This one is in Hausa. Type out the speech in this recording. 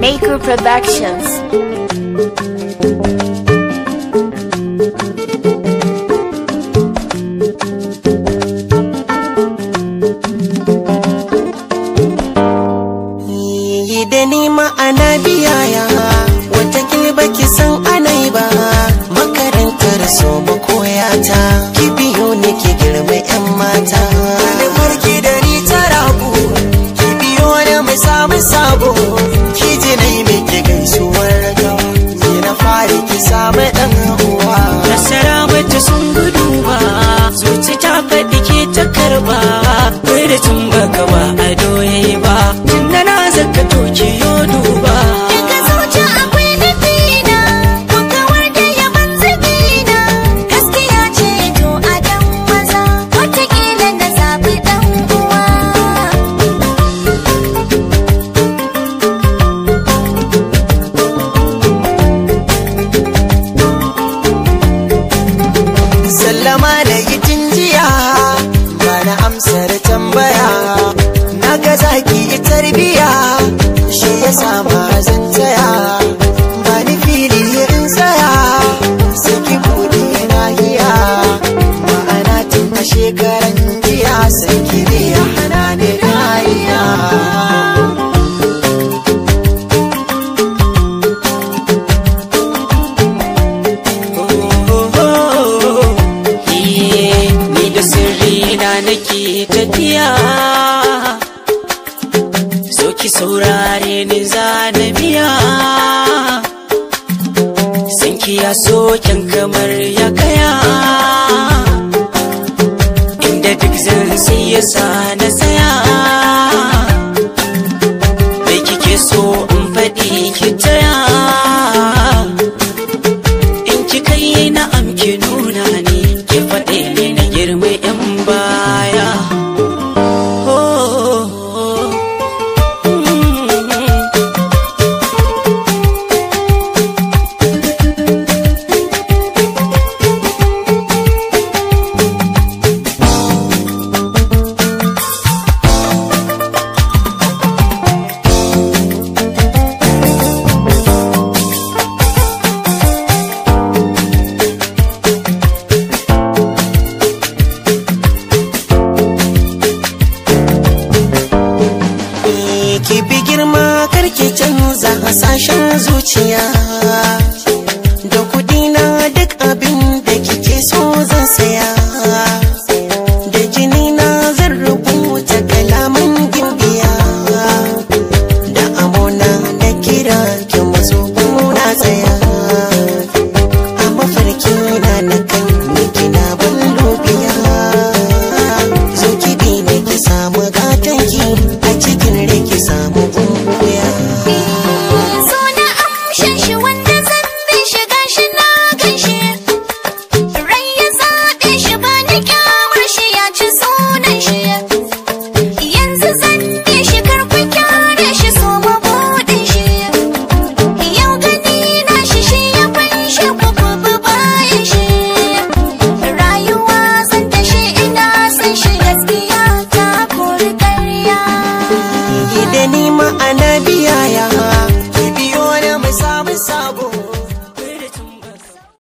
Maker Productions tun baka ba amsar tambaya na ga zaki tarbiya shi ya sama zan taya ba ni fili in tsaya saki buɗe na hiya ma'ana tun a shekaran jiya sai kiriya hana ne sirri na nake tafiya so ki saurare ni zanabiya san ki ya so kamar ya kaya inda duk zan sai ya sana karki canza hasashen zuciya be higher.